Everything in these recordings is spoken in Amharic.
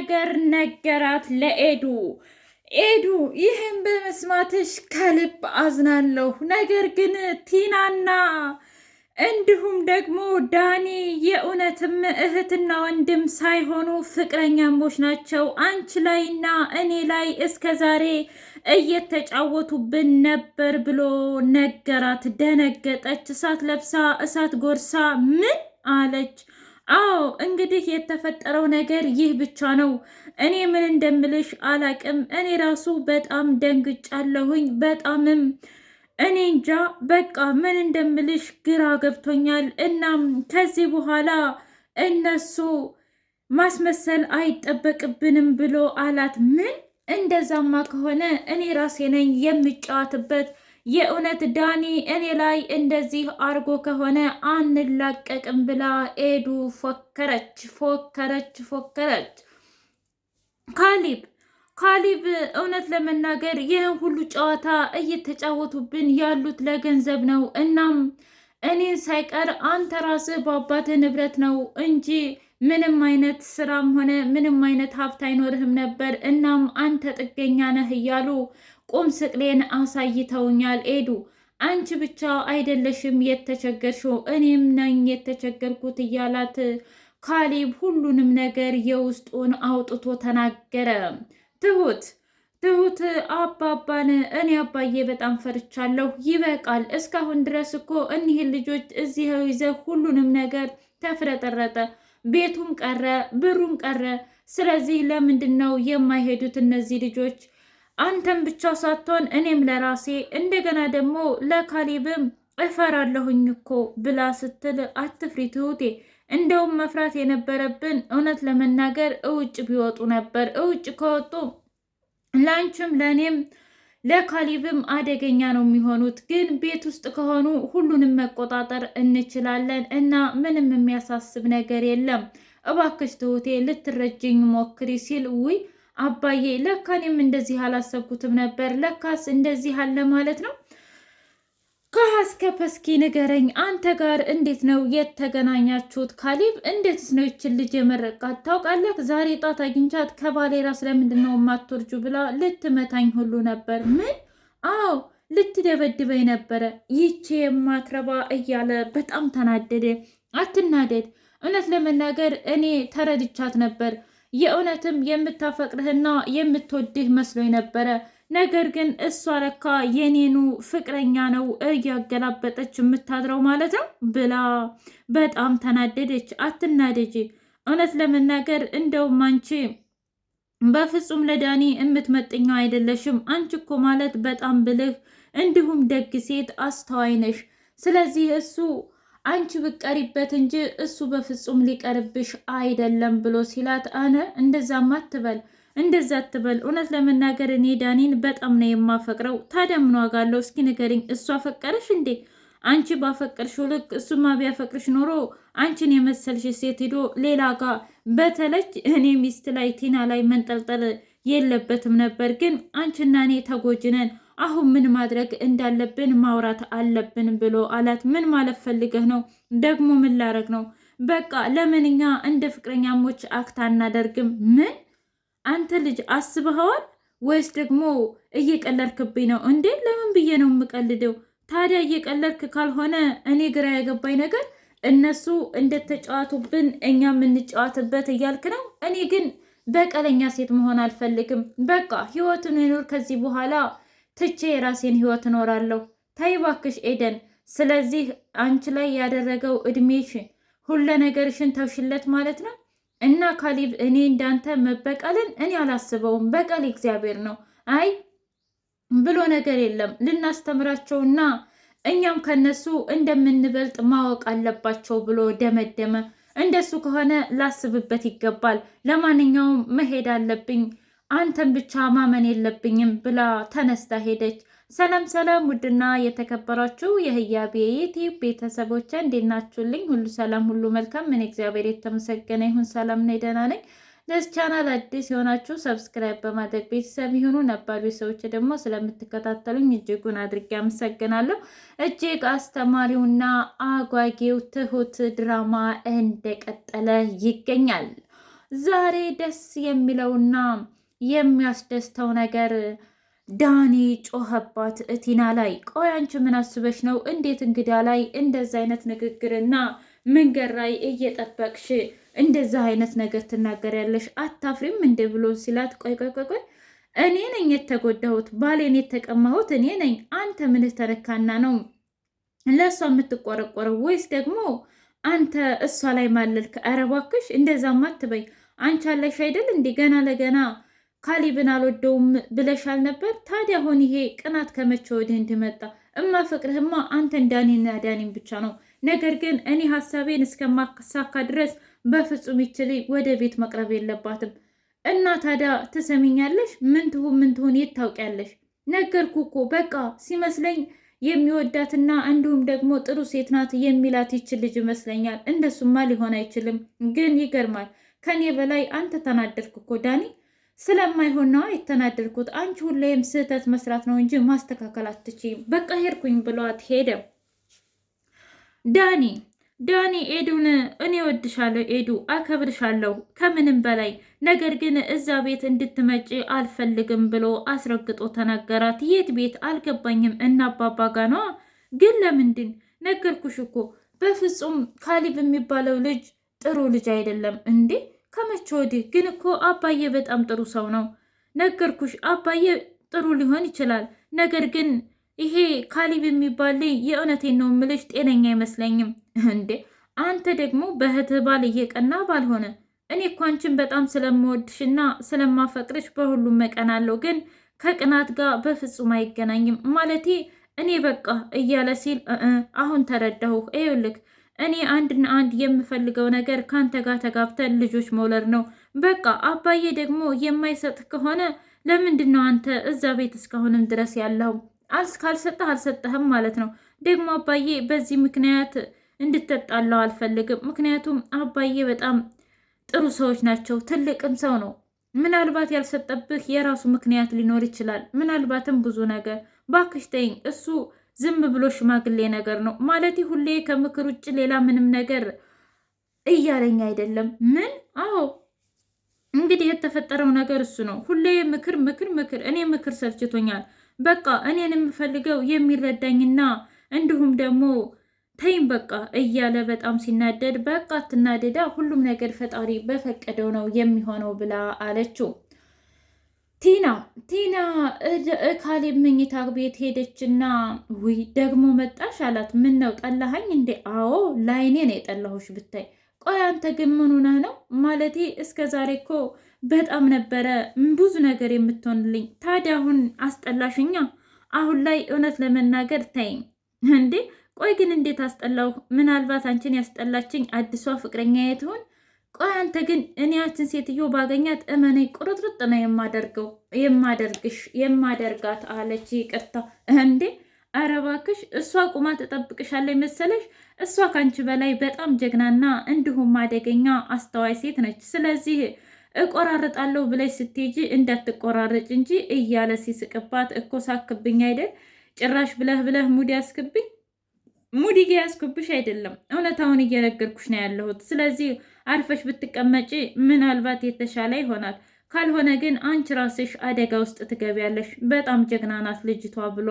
ነገር ነገራት ለኤዱ። ኤዱ ይህን በመስማትሽ ከልብ አዝናለሁ። ነገር ግን ቲናና እንዲሁም ደግሞ ዳኒ የእውነትም እህትና ወንድም ሳይሆኑ ፍቅረኛሞች ናቸው። አንቺ ላይና እኔ ላይ እስከ ዛሬ እየተጫወቱብን ነበር ብሎ ነገራት። ደነገጠች። እሳት ለብሳ እሳት ጎርሳ ምን አለች አዎ እንግዲህ የተፈጠረው ነገር ይህ ብቻ ነው። እኔ ምን እንደምልሽ አላቅም። እኔ ራሱ በጣም ደንግጫለሁኝ። በጣምም እኔ እንጃ በቃ ምን እንደምልሽ ግራ ገብቶኛል። እናም ከዚህ በኋላ እነሱ ማስመሰል አይጠበቅብንም ብሎ አላት። ምን እንደዛማ ከሆነ እኔ ራሴ ነኝ የምጫወትበት የእውነት ዳኒ እኔ ላይ እንደዚህ አርጎ ከሆነ አንላቀቅም ብላ ኤዱ ፎከረች ፎከረች ፎከረች። ካሊብ ካሊብ እውነት ለመናገር ይህን ሁሉ ጨዋታ እየተጫወቱብን ያሉት ለገንዘብ ነው። እናም እኔን ሳይቀር አንተ ራስህ በአባትህ ንብረት ነው እንጂ ምንም አይነት ስራም ሆነ ምንም አይነት ሀብት አይኖርህም ነበር። እናም አንተ ጥገኛ ነህ እያሉ ቁም ስቅሌን አሳይተውኛል። ኤዱ አንቺ ብቻ አይደለሽም የተቸገርሽው፣ እኔም ነኝ የተቸገርኩት እያላት ካሌብ ሁሉንም ነገር የውስጡን አውጥቶ ተናገረ። ትሁት ትሁት አባባን እኔ አባዬ በጣም ፈርቻለሁ። ይበቃል። እስካሁን ድረስ እኮ እኒህን ልጆች እዚህ ይዘ ሁሉንም ነገር ተፍረጠረጠ። ቤቱም ቀረ፣ ብሩም ቀረ። ስለዚህ ለምንድን ነው የማይሄዱት እነዚህ ልጆች? አንተም ብቻ ሳትሆን እኔም ለራሴ እንደገና ደግሞ ለካሊብም እፈራለሁኝ እኮ ብላ ስትል አትፍሪ ትሁቴ፣ እንደውም መፍራት የነበረብን እውነት ለመናገር እውጭ ቢወጡ ነበር። እውጭ ከወጡ ለአንቺም ለእኔም ለካሊብም አደገኛ ነው የሚሆኑት። ግን ቤት ውስጥ ከሆኑ ሁሉንም መቆጣጠር እንችላለን እና ምንም የሚያሳስብ ነገር የለም። እባክሽ ትሁቴ ልትረጅኝ ሞክሪ ሲል ውይ አባዬ ለካ እኔም እንደዚህ አላሰብኩትም ነበር። ለካስ እንደዚህ አለ ማለት ነው። ከሀስከ ከፐስኪ ንገረኝ፣ አንተ ጋር እንዴት ነው የተገናኛችሁት? ካሊብ እንዴትስ ነው ይችን ልጅ የመረቃት? ታውቃለህ፣ ዛሬ ጣት አግኝቻት ከባሌ ራስ ለምንድን ነው የማትወርጁ ብላ ልትመታኝ ሁሉ ነበር። ምን? አዎ ልትደበድበኝ ነበረ። ይቼ የማትረባ እያለ በጣም ተናደደ። አትናደድ፣ እውነት ለመናገር እኔ ተረድቻት ነበር የእውነትም የምታፈቅርህና የምትወድህ መስሎ ነበረ። ነገር ግን እሷ ለካ የኔኑ ፍቅረኛ ነው እያገላበጠች የምታድረው ማለት ነው ብላ በጣም ተናደደች። አትናደጂ። እውነት ለመናገር እንደውም አንቺ በፍጹም ለዳኒ የምትመጥኛ አይደለሽም። አንቺ እኮ ማለት በጣም ብልህ እንዲሁም ደግ ሴት አስተዋይ ነሽ። ስለዚህ እሱ አንቺ ብቀሪበት እንጂ እሱ በፍጹም ሊቀርብሽ አይደለም ብሎ ሲላት፣ አነ እንደዛም አትበል እንደዛ አትበል። እውነት ለመናገር እኔ ዳኒን በጣም ነው የማፈቅረው። ታዲያ ምን ዋጋ አለው? እስኪ ንገሪኝ፣ እሱ አፈቀረሽ እንዴ? አንቺ ባፈቀርሽው ልክ እሱማ ቢያፈቅርሽ ኖሮ አንቺን የመሰልሽ ሴት ሄዶ ሌላ ጋ በተለች እኔ ሚስት ላይ ቲና ላይ መንጠልጠል የለበትም ነበር። ግን አንቺና እኔ ተጎጅነን አሁን ምን ማድረግ እንዳለብን ማውራት አለብን ብሎ አላት። ምን ማለት ፈልገህ ነው? ደግሞ ምን ላረግ ነው? በቃ ለምን እኛ እንደ ፍቅረኛሞች አክት አናደርግም? ምን አንተ ልጅ አስበኸዋል ወይስ ደግሞ እየቀለድክብኝ ነው እንዴ? ለምን ብዬ ነው የምቀልደው? ታዲያ እየቀለድክ ካልሆነ እኔ ግራ የገባኝ ነገር እነሱ እንደተጫዋቱብን እኛ የምንጫዋትበት እያልክ ነው። እኔ ግን በቀለኛ ሴት መሆን አልፈልግም። በቃ ህይወቱን ይኑር ከዚህ በኋላ ትቼ የራሴን ህይወት እኖራለሁ። ታይ እባክሽ ኤደን። ስለዚህ አንቺ ላይ ያደረገው እድሜሽ ሁለ ነገርሽን ተውሽለት ማለት ነው። እና ካሊብ እኔ እንዳንተ መበቀልን እኔ አላስበውም። በቀል እግዚአብሔር ነው። አይ ብሎ ነገር የለም። ልናስተምራቸውና እኛም ከነሱ እንደምንበልጥ ማወቅ አለባቸው ብሎ ደመደመ። እንደሱ ከሆነ ላስብበት ይገባል። ለማንኛውም መሄድ አለብኝ። አንተን ብቻ ማመን የለብኝም ብላ ተነስታ ሄደች። ሰላም ሰላም! ውድና የተከበራችሁ የህያቤ ዩቲዩብ ቤተሰቦች እንዴት ናችሁልኝ? ሁሉ ሰላም፣ ሁሉ መልካም። ምን እግዚአብሔር የተመሰገነ ይሁን። ሰላም ነው፣ ደህና ነኝ። ለዚህ ቻናል አዲስ የሆናችሁ ሰብስክራይብ በማድረግ ቤተሰብ ይሁኑ። ነባር ሰዎች ደግሞ ስለምትከታተሉኝ እጅጉን አድርጌ አመሰግናለሁ። እጅግ አስተማሪውና አጓጊው ትሁት ድራማ እንደቀጠለ ይገኛል። ዛሬ ደስ የሚለውና የሚያስደስተው ነገር ዳኒ ጮኸባት እቲና ላይ። ቆይ አንቺ ምን አስበሽ ነው? እንዴት እንግዳ ላይ እንደዛ አይነት ንግግርና መንገድ ላይ እየጠበቅሽ እንደዛ አይነት ነገር ትናገሪያለሽ? አታፍሪም እንደ ብሎ ሲላት፣ ቆይ ቆይ ቆይ ቆይ እኔ ነኝ የተጎዳሁት፣ ባሌን የተቀማሁት እኔ ነኝ። አንተ ምን ተነካና ነው ለእሷ የምትቆረቆረው? ወይስ ደግሞ አንተ እሷ ላይ ማለልክ? ኧረ እባክሽ እንደዛማ አትበይ። አንቺ አለሽ አይደል እንዲህ ገና ለገና ካሊብን አልወደውም ብለሻል ነበር። ታዲያ አሁን ይሄ ቅናት ከመቼ ወዲህ እንድመጣ? እማፈቅርህማ አንተ እንዳኔና ዳኔን ብቻ ነው። ነገር ግን እኔ ሀሳቤን እስከማሳካ ድረስ በፍጹም ይችል ወደ ቤት መቅረብ የለባትም። እና ታዲያ ትሰሚኛለሽ? ምን ትሁን ምን ትሁን የት ታውቂያለሽ? ነገርኩ እኮ በቃ ሲመስለኝ የሚወዳትና እንዲሁም ደግሞ ጥሩ ሴት ናት የሚላት ይችል ልጅ ይመስለኛል። እንደሱማ ሊሆን አይችልም። ግን ይገርማል። ከኔ በላይ አንተ ተናደድክ እኮ ዳኒ ስለማይሆን ነው የተናደድኩት። አንቺ ሁሌም ስህተት መስራት ነው እንጂ ማስተካከል አትችይም። በቃ ሄድኩኝ ብሏት ሄደ። ዳኒ ዳኒ ኤዱን እኔ ወድሻለሁ፣ ኤዱ አከብርሻለሁ ከምንም በላይ ነገር ግን እዛ ቤት እንድትመጪ አልፈልግም ብሎ አስረግጦ ተናገራት። የት ቤት አልገባኝም፣ እናባባ ጋ ነዋ። ግን ለምንድን ነገርኩሽ እኮ በፍጹም ካሊብ የሚባለው ልጅ ጥሩ ልጅ አይደለም እንዴ ከመቼ ወዲህ ግን እኮ አባዬ በጣም ጥሩ ሰው ነው። ነገርኩሽ፣ አባዬ ጥሩ ሊሆን ይችላል። ነገር ግን ይሄ ካሊብ የሚባል የእውነቴን ነው ምልሽ፣ ጤነኛ አይመስለኝም። እንዴ አንተ ደግሞ በእህትህ ባል እየቀና ባልሆነ እኔ እኮ አንቺን በጣም ስለምወድሽና ስለማፈቅርሽ በሁሉም መቀናለሁ፣ ግን ከቅናት ጋር በፍጹም አይገናኝም። ማለቴ እኔ በቃ እያለ ሲል አሁን ተረዳሁ። ይኸውልህ እኔ አንድና አንድ የምፈልገው ነገር ካንተ ጋር ተጋብተን ልጆች መውለድ ነው። በቃ አባዬ ደግሞ የማይሰጥ ከሆነ ለምንድን ነው አንተ እዛ ቤት እስካሁንም ድረስ ያለው? ካልሰጠህ አልሰጠህም ማለት ነው። ደግሞ አባዬ በዚህ ምክንያት እንድትጠጣለው አልፈልግም። ምክንያቱም አባዬ በጣም ጥሩ ሰዎች ናቸው። ትልቅም ሰው ነው። ምናልባት ያልሰጠብህ የራሱ ምክንያት ሊኖር ይችላል። ምናልባትም ብዙ ነገር ባክሽ ተይኝ እሱ ዝም ብሎ ሽማግሌ ነገር ነው ማለት ሁሌ ከምክር ውጭ ሌላ ምንም ነገር እያለኝ አይደለም። ምን? አዎ እንግዲህ የተፈጠረው ነገር እሱ ነው። ሁሌ ምክር ምክር ምክር፣ እኔ ምክር ሰልችቶኛል። በቃ እኔን የምፈልገው የሚረዳኝና እንዲሁም ደግሞ ተይም በቃ እያለ በጣም ሲናደድ፣ በቃ አትናደዳ፣ ሁሉም ነገር ፈጣሪ በፈቀደው ነው የሚሆነው ብላ አለችው። ቲና ቲና ካሌብ መኝታ ቤት ሄደችና ውይ ደግሞ መጣሽ አላት። ምን ነው ጠላሃኝ እንዴ? አዎ ላይኔ ነው የጠላሁሽ ብታይ። ቆይ አንተ ግን ምን ሆነህ ነው? ማለቴ እስከ ዛሬ እኮ በጣም ነበረ ብዙ ነገር የምትሆንልኝ። ታዲያ አሁን አስጠላሽኛ። አሁን ላይ እውነት ለመናገር ታይኝ እንዴ። ቆይ ግን እንዴት አስጠላሁ? ምናልባት አንቺን ያስጠላችኝ አዲሷ ፍቅረኛ የትሆን ቆይ አንተ ግን እኔ ያችን ሴትዮ ባገኛት እመኔ ቁርጥርጥ ነው የማደርገው የማደርግሽ የማደርጋት አለች። ይቅርታ እንዴ ኧረ እባክሽ እሷ ቁማ ትጠብቅሻለች መሰለሽ? እሷ ካንቺ በላይ በጣም ጀግናና እንዲሁም አደገኛ አስተዋይ ሴት ነች። ስለዚህ እቆራርጣለሁ ብለሽ ስትሄጂ እንዳትቆራረጭ እንጂ እያለ ሲስቅባት እኮ ሳክብኝ አይደል ጭራሽ ብለህ ብለህ ሙድ ያስክብኝ ሙድ እየያዝኩብሽ አይደለም፣ እውነታውን እየነገርኩሽ ነው ያለሁት። ስለዚህ አርፈሽ ብትቀመጪ ምናልባት የተሻለ ይሆናል። ካልሆነ ግን አንቺ ራስሽ አደጋ ውስጥ ትገቢያለሽ። በጣም ጀግና ናት ልጅቷ ብሎ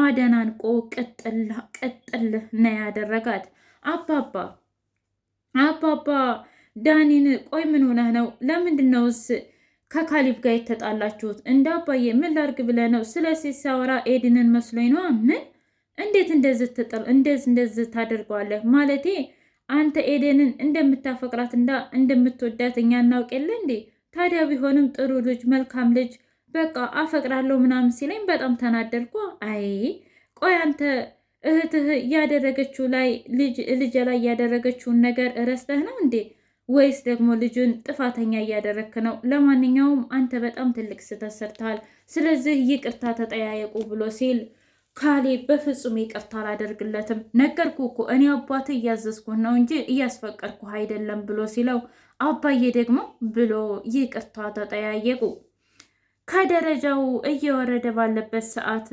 አደናንቆ ቅጥል ቅጥል ነው ያደረጋት። አባባ አባባ ዳኒን ቆይ ምን ሆነህ ነው? ለምንድን ነውስ ከካሊብ ጋር የተጣላችሁት? እንደ አባዬ ምን ላርግ ብለህ ነው? ስለ ሲሳወራ ኤድንን መስሎኝ ነዋ። ምን እንዴት እንደዚህ ትጥል እንደዚህ እንደዚህ ታደርገዋለህ? ማለቴ አንተ ኤደንን እንደምታፈቅራት እንዳ እንደምትወዳት እኛ እናውቅ የለ እንዴ? ታዲያ ቢሆንም ጥሩ ልጅ፣ መልካም ልጅ በቃ አፈቅራለሁ ምናምን ሲለኝ በጣም ተናደርኩ። አይ ቆይ አንተ እህትህ እያደረገችው ላይ ልጅ ላይ እያደረገችውን ነገር እረስተህ ነው እንዴ? ወይስ ደግሞ ልጁን ጥፋተኛ እያደረግክ ነው? ለማንኛውም አንተ በጣም ትልቅ ስህተት ሰርተሃል። ስለዚህ ይቅርታ ተጠያየቁ ብሎ ሲል ካሌብ በፍጹም ይቅርታ አላደርግለትም። ነገርኩ እኮ እኔ አባት እያዘዝኩህ ነው እንጂ እያስፈቀድኩ አይደለም ብሎ ሲለው አባዬ ደግሞ ብሎ ይቅርታ ተጠያየቁ። ከደረጃው እየወረደ ባለበት ሰዓት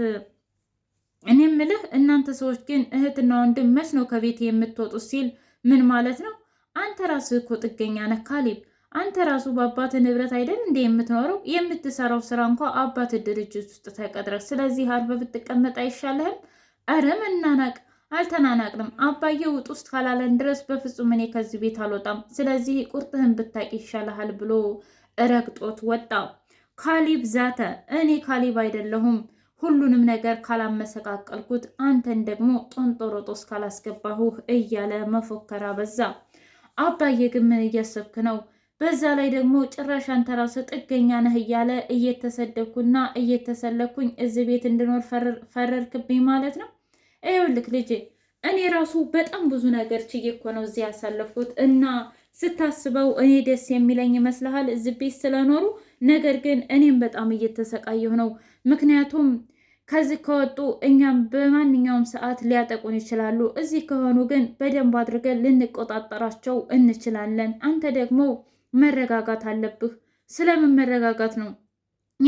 እኔ ምልህ እናንተ ሰዎች ግን እህትና ወንድም መች ነው ከቤት የምትወጡት? ሲል ምን ማለት ነው? አንተ ራስህ እኮ ጥገኛ ነህ ካሌብ አንተ ራሱ በአባት ንብረት አይደል እንዴ የምትኖረው? የምትሰራው ስራ እንኳ አባት ድርጅት ውስጥ ተቀጥረህ፣ ስለዚህ አርፈህ ብትቀመጥ አይሻልህም? አረ መናናቅ አልተናናቅንም። አባዬ ውጥ ውስጥ ካላለን ድረስ በፍጹም እኔ ከዚህ ቤት አልወጣም፣ ስለዚህ ቁርጥህን ብታቂ ይሻልሃል ብሎ ረግጦት ወጣ። ካሊብ ዛተ። እኔ ካሊብ አይደለሁም ሁሉንም ነገር ካላመሰቃቀልኩት አንተን ደግሞ ጦንጦሮጦስ ካላስገባሁህ እያለ መፎከራ በዛ። አባዬ ግን ምን እያሰብክ ነው? በዛ ላይ ደግሞ ጭራሽ አንተ ራስህ ጥገኛ ነህ እያለ እየተሰደብኩና እየተሰለኩኝ እዚህ ቤት እንድኖር ፈረርክብኝ ማለት ነው። ይኸውልህ ልጄ እኔ ራሱ በጣም ብዙ ነገር ችዬ እኮ ነው እዚህ ያሳለፍኩት እና ስታስበው እኔ ደስ የሚለኝ ይመስልሃል እዚህ ቤት ስለኖሩ? ነገር ግን እኔም በጣም እየተሰቃየሁ ነው። ምክንያቱም ከዚህ ከወጡ እኛም በማንኛውም ሰዓት ሊያጠቁን ይችላሉ። እዚህ ከሆኑ ግን በደንብ አድርገን ልንቆጣጠራቸው እንችላለን። አንተ ደግሞ መረጋጋት አለብህ። ስለምን መረጋጋት ነው?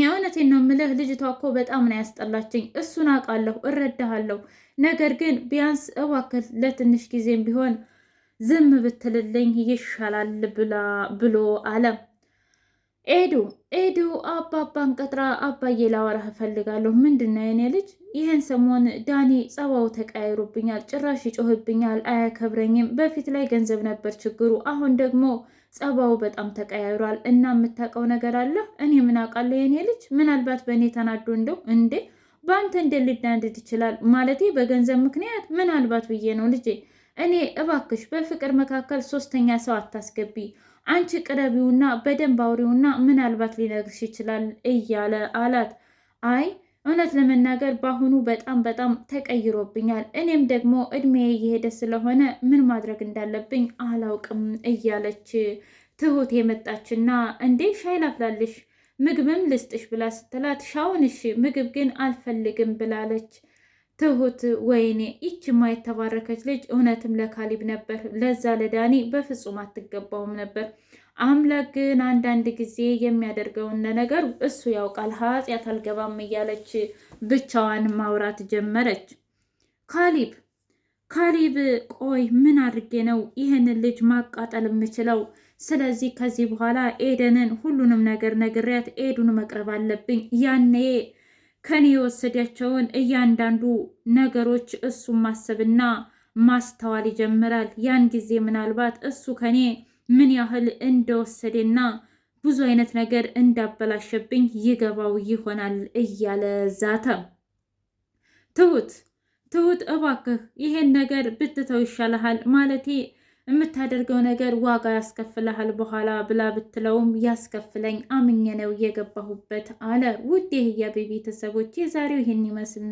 የእውነቴን ነው ምልህ። ልጅቷ እኮ በጣም ነው ያስጠላችኝ። እሱን አውቃለሁ፣ እረዳሃለሁ። ነገር ግን ቢያንስ እባክህ ለትንሽ ጊዜም ቢሆን ዝም ብትልልኝ ይሻላል ብሎ አለ ኤዱ ኤዱ አባባን ቀጥራ አባዬ ላወራህ እፈልጋለሁ። ምንድን ነው የኔ ልጅ ይህን ሰሞን ዳኒ ጸባው ተቀያይሮብኛል፣ ጭራሽ ይጮህብኛል፣ አያከብረኝም። በፊት ላይ ገንዘብ ነበር ችግሩ፣ አሁን ደግሞ ጸባው በጣም ተቀያይሯል እና የምታውቀው ነገር አለ? እኔ ምን አውቃለሁ የኔ ልጅ፣ ምናልባት በእኔ ተናዶ እንደው እንዴ በአንተ እንደ ሊዳንድድ ይችላል ማለቴ በገንዘብ ምክንያት ምናልባት ብዬ ነው ልጄ። እኔ እባክሽ በፍቅር መካከል ሶስተኛ ሰው አታስገቢ አንቺ ቅረቢውና በደንብ አውሪውና ምናልባት ሊነግርሽ ይችላል እያለ አላት። አይ እውነት ለመናገር በአሁኑ በጣም በጣም ተቀይሮብኛል። እኔም ደግሞ እድሜ እየሄደ ስለሆነ ምን ማድረግ እንዳለብኝ አላውቅም እያለች ትሁት የመጣችና እንዴ ሻይ ላፍላልሽ ምግብም ልስጥሽ ብላ ስትላት ሻውን እሺ ምግብ ግን አልፈልግም ብላለች። ትሁት ወይኔ ይችማ የተባረከች ልጅ እውነትም ለካሊብ ነበር፣ ለዛ ለዳኒ በፍጹም አትገባውም ነበር። አምላክ ግን አንዳንድ ጊዜ የሚያደርገውን ነገር እሱ ያውቃል። ኃጢአት አልገባም እያለች ብቻዋን ማውራት ጀመረች። ካሊብ ካሊብ ቆይ ምን አድርጌ ነው ይህንን ልጅ ማቃጠል የምችለው? ስለዚህ ከዚህ በኋላ ኤደንን ሁሉንም ነገር ነግሬያት ኤዱን መቅረብ አለብኝ ያኔ ከኔ የወሰዳቸውን እያንዳንዱ ነገሮች እሱ ማሰብና ማስተዋል ይጀምራል። ያን ጊዜ ምናልባት እሱ ከኔ ምን ያህል እንደወሰደና ብዙ አይነት ነገር እንዳበላሸብኝ ይገባው ይሆናል እያለ ዛተ። ትሁት ትሁት እባክህ ይሄን ነገር ብትተው ይሻልሃል ማለቴ የምታደርገው ነገር ዋጋ ያስከፍልሃል በኋላ ብላ ብትለውም ያስከፍለኝ አምኜ ነው የገባሁበት አለ። ውድ የህያቤ ቤተሰቦች የዛሬው ይህን ይመስል